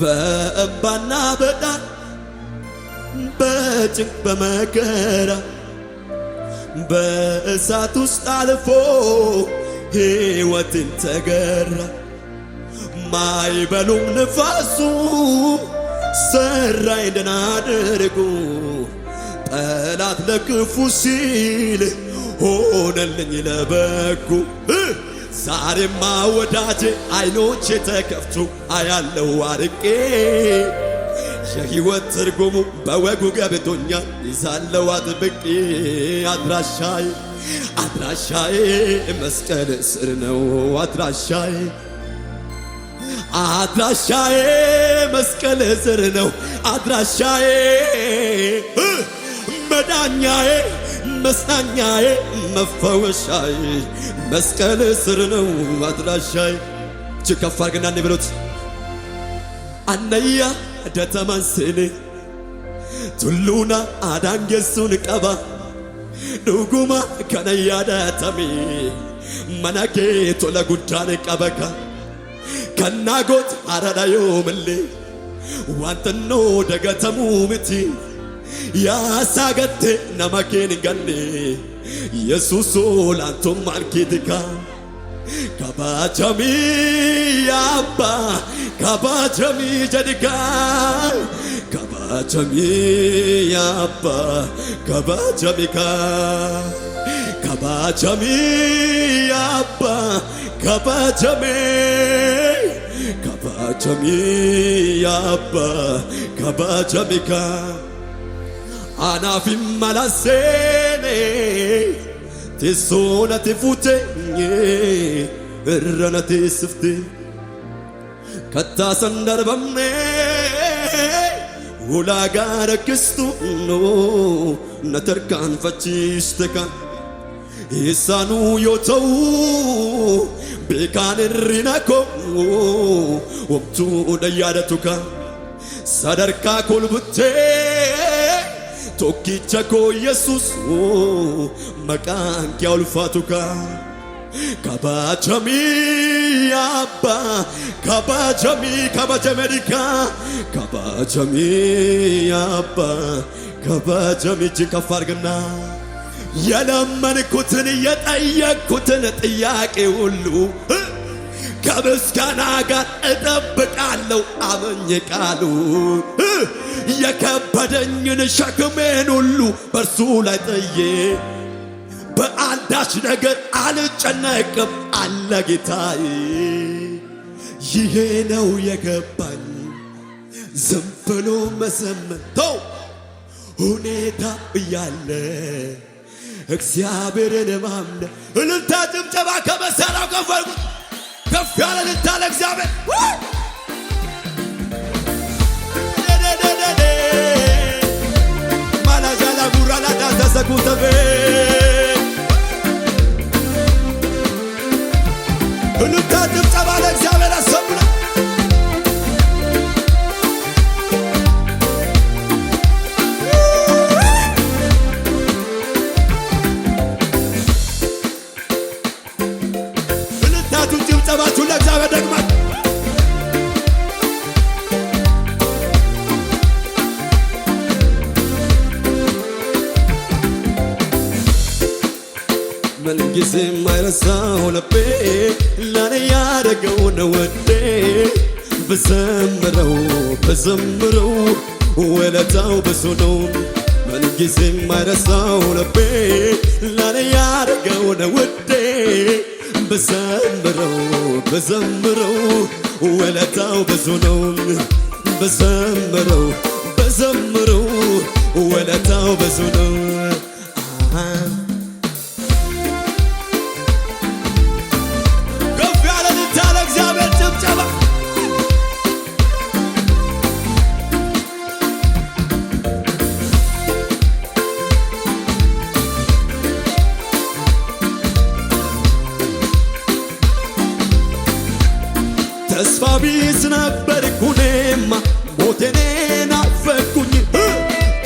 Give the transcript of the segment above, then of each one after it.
በእባና በዳር በጭንቅ በመከራ በእሳት ውስጥ አልፎ ሕይወትን ተገራ። ማይበሉም ንፋሱ ሰራይ ደህና አድርጎ ጠላት ለክፉ ሲል ሆነልኝ ለበጎ ዛሬማ ወዳጄ አይኖች ተከፍቶ አያለው አርቄ የህይወት ትርጉሙ በወጉ ገብቶኛ ይዛለው አጥብቄ አድራሻዬ አድራሻዬ መስቀል ስር ነው አድራሻዬ አድራሻዬ መስቀል ስር ነው አድራሻዬ መዳኛዬ መጽናኛዬ መፈወሻይ መስቀል ስር ነው አድራሻይ እጅግ ከፍ አድርገን አንዴ በሉት አነያ ደተማንስኔ ቱሉና አዳንጌሱን ቀባ ዱጉማ ከነያ ደተሚ መናኬ ቶለ ጉዳን ቀበካ ከናጎት አራዳዮ ምሌ ዋንተኖ ደገተሙ ምቲ yaasagatte nama keen hin ganne yesuusoo laantummaan keetika kabajamii yaabbaa kabajamii jedhikaa kabajamii yaabbaa kabajamikaa kabajamii yaabbaa kabajamii kabajamii yaabbaa kabajamikaa አናፊም አላሴኔ ቴሶነት ፉቴኝ እረነት ስፍቴ ከታሰንደርበምኔ ውላጋረ ክስቱኖ ነተርካን ፈቺስተካ ኢሳኑ ዮተው ቤካንሪነኮ ወብቱ ደያደቱካ ሰደርካ ኮልብቴ tokkicha koo yesus maqaan kee ulfaatu kaa kabajamii abbaa kabajamii kabajame dhikaa kabajamii abbaa kabajamii እጅን ከፍ አድርግና የለመንኩትን የጠየቅኩትን ጥያቄ ሁሉ ከምስጋና ጋር እጠብቃለሁ አመኝ ቃሉ የከበደኝን ሸክሜን ሁሉ በእርሱ ላይ ጥዬ በአንዳች ነገር አልጨነቅም አለ ጌታዬ። ይሄ ነው የገባኝ ዝም ብሎ መዘመን ሁኔታ እያለ እግዚአብሔርን ማምነ እልልታ ጭብጨባ ከመሳሪያው ከፍ ያለ እልልታ ለእግዚአብሔር cada conta vez. ምንጊዜም አይረሳው ልቤ ለኔ ያደረገው ነው ወዴ ብዘምረው ብዘምረው ውለታው ብዙ ነው። ምንጊዜም አይረሳው ልቤ ለኔ ያደረገው ነው ወዴ ብዘምረው ብዘምረው ውለታው ብዙ ነው። ብዘምረው ብዘምረው ውለታው ብዙ ነው። ተስፋ ቢስ ነበርኩ እኔማ ሞቴኔን ናፈኩኝ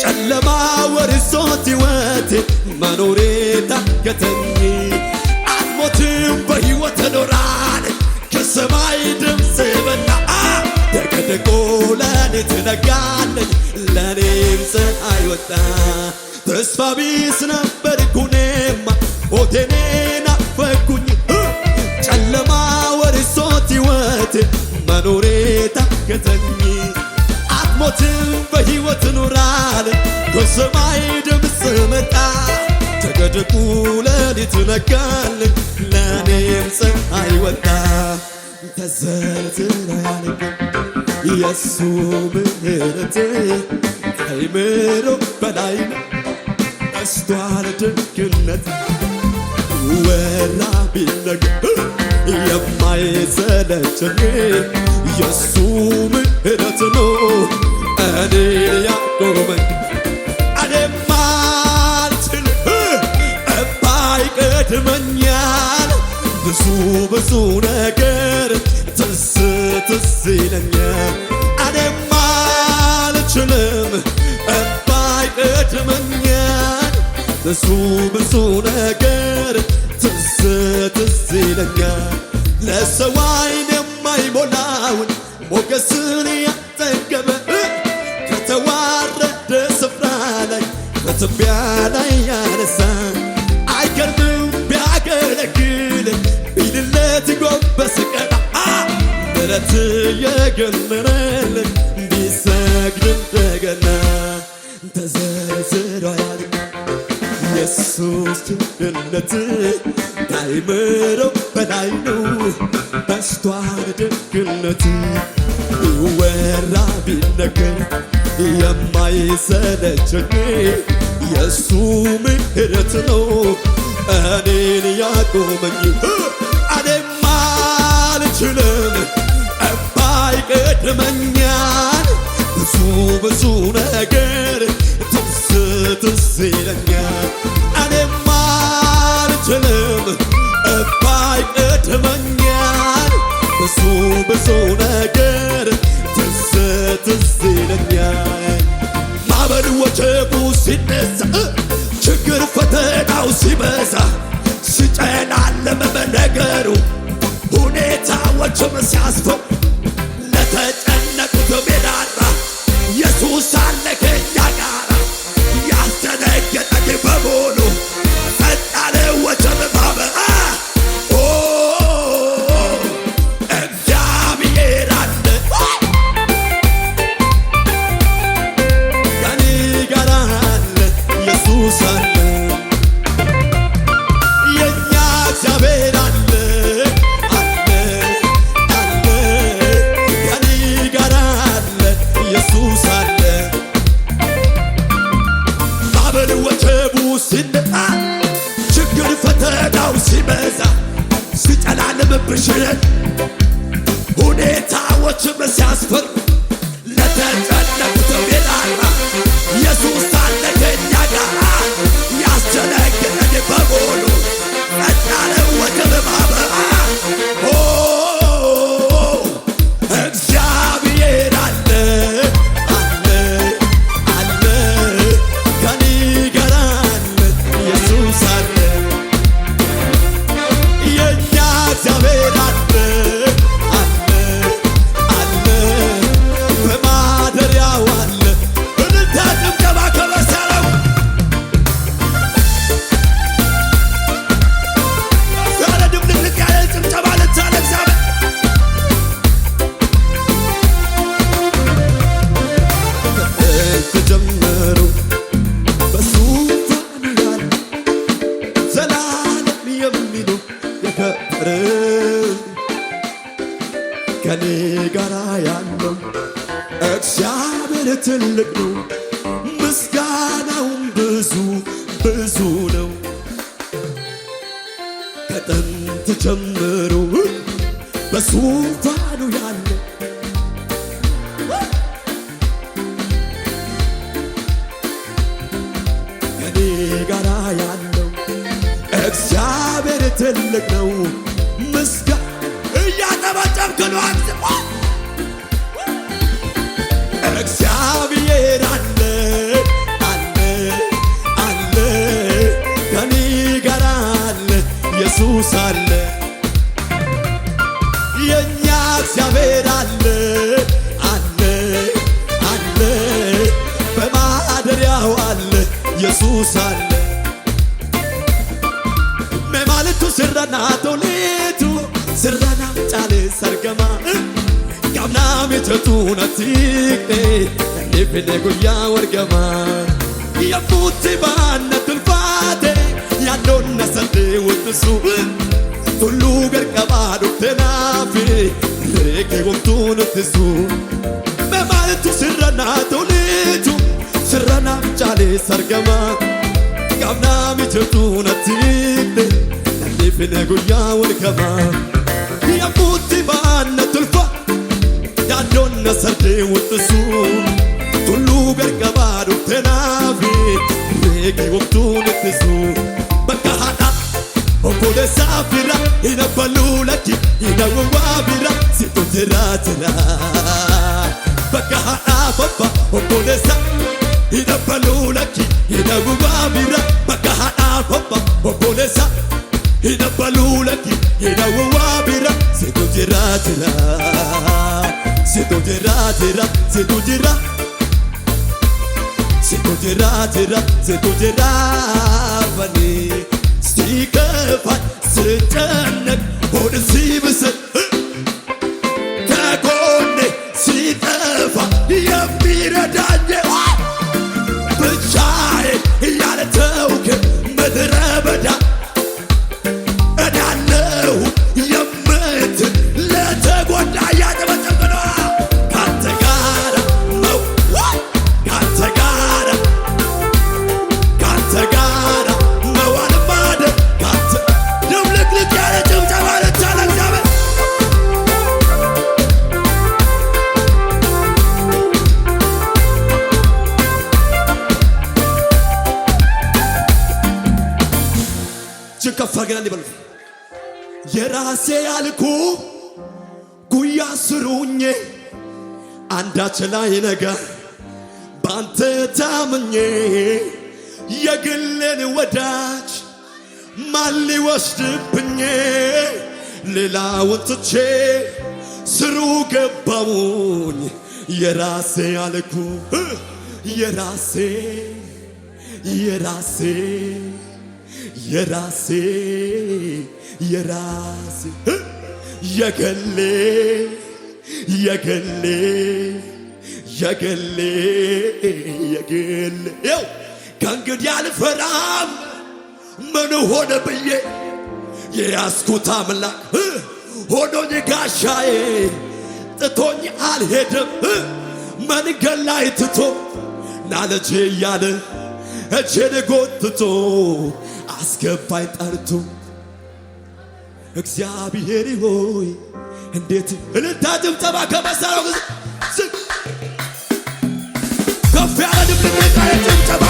ጨለማ ወርሶት ሕይወቴ መኖሬ ታገተኝ አልሞትም በሕይወት እኖራለሁ ከሰማይ ድምፅ በላ ተቀድቆ ለኔ ትነጋለች ለእኔም ፀሐይ ወጣ ተስፋ ቢስ ነበርኩ ሞቴኔ መኖሬ ታገተኝ አትሞትም በሕይወት ኖራል ከሰማይ ድምፅ መጣ ተገድቁ ለሊት ነጋል ለእኔም ፀሐይ ወጣ ተዘርዝራል የሱ ምሕረት ከአእምሮ በላይ ነው በስቷል ወራ ቢለግ የማይሰለቸኝ የሱ ምህረት ነው እኔ ያቆመኝ። እኔም አልችልም እማይቀድመኛል ብዙ ብዙ ነገር ትዝ ትዝ ይለኛል። እኔም አልችልም ብዙ ብዙ ነገር ትዝ ትዝ ይለኛል ለሰው ዓይን የማይሞላውን ሞገስን ያጠገበ ከተዋረደ ስፍራ ላይ በትቢያ ላይ ያነሳ አይገርምም ቢያገለግል ቢልለት ጎበስ ቀና ምሕረት የገመረል ቢሰግድ እንደገና የኢየሱስ ድነት ከአእምሮ በላይ ነው፣ በስቷል ደግነት። ቢወራ ቢነገር የማይሰለቸኝ የእሱ ምሕረት ነው እኔን ያቆመኝ። እኔማ አልችልም እማይቀድመኛል ብዙ ብዙ ሲነሳ ችግር ፈተናው ሲበዛ ሲጨናነም ነገሩ ሁኔታዎችም ሲያስፈ ኃይል ትልቅ ነው፣ ምስጋናውም ብዙ ብዙ ነው። ከጥንት ጀምሮ በዙፋኑ ያለ ከኔ ጋራ ያለው እግዚአብሔር ትልቅ ነው ምስጋ Chale sargama Gamna mitatu nasikte Nifine guya wargama Ya futi banna tulfate Ya nonna sande wutusu Tullu gargaba dukte nafi Reki wumtu nutisu Memaltu sirrana tulitu Sirrana chale sargama Gamna mitatu nasikte Nifine guya wargama Yaakutti baanna tolfa yaaddoon sardee wantiisuun tulluu gargaaraa dhufeenaafi reegi waktuun ittisuun bakka haadha obboleessaa bira ina baluulaki ina gowwaa bira si tuteera jira bakka haadha baba obboleessaa ina baluulaki ina gowwaa bira bakka haadha baba obboleessaa ina baluulaki ina gowwaa. ሴቶጅራ በኔ ሲከፋኝ ስጨነቅ ሆድ ሲብስል ከጎኔ ሲጠፋ የሚረዳ ያፋገናል ይበሉ። የራሴ ያልኩ ጉያ ስሩኝ አንዳች ላይ ነገር ባንተ ታምኜ የግልን ወዳጅ ማን ሊወስድብኝ ሌላውን ትቼ ስሩ ገባውኝ የራሴ ያልኩ የራሴ የራሴ የራሴ የራሴ የገሌ የገሌ የገሌ የገሌ ው ከእንግዲህ አልፈራም ምን ሆነ ብዬ የያዝኩት አምላክ ሆኖኝ ጋሻዬ ጥቶኝ አልሄድም መንገድ ላይ ትቶ ናለጄ እያለ እጄን ጎትቶ አስገባኝ ጠርቶ እግዚአብሔር ሆይ እንዴት እልልታ ድምጠባ ከመሳሪያው ከፍ ያለ ድምፅ ጭብጨባ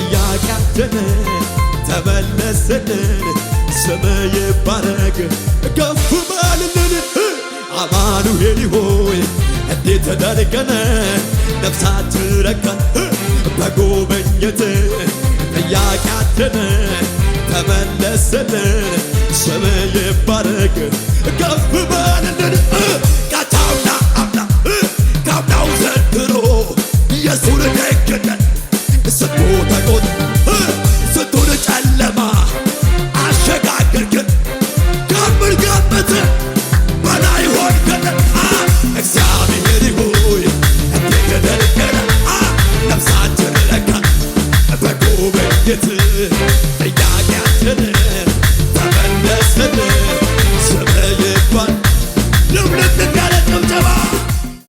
እያቃደን ተመለሰልን ስም ይባረግ ከፍ በልልን አማኑኤል ሆይ እንዴት ተደርገን ነፍሳት ትረካን በጎበኘት እያቃደን ተመለሰልን ስም ይባረግ ከፍ በልልን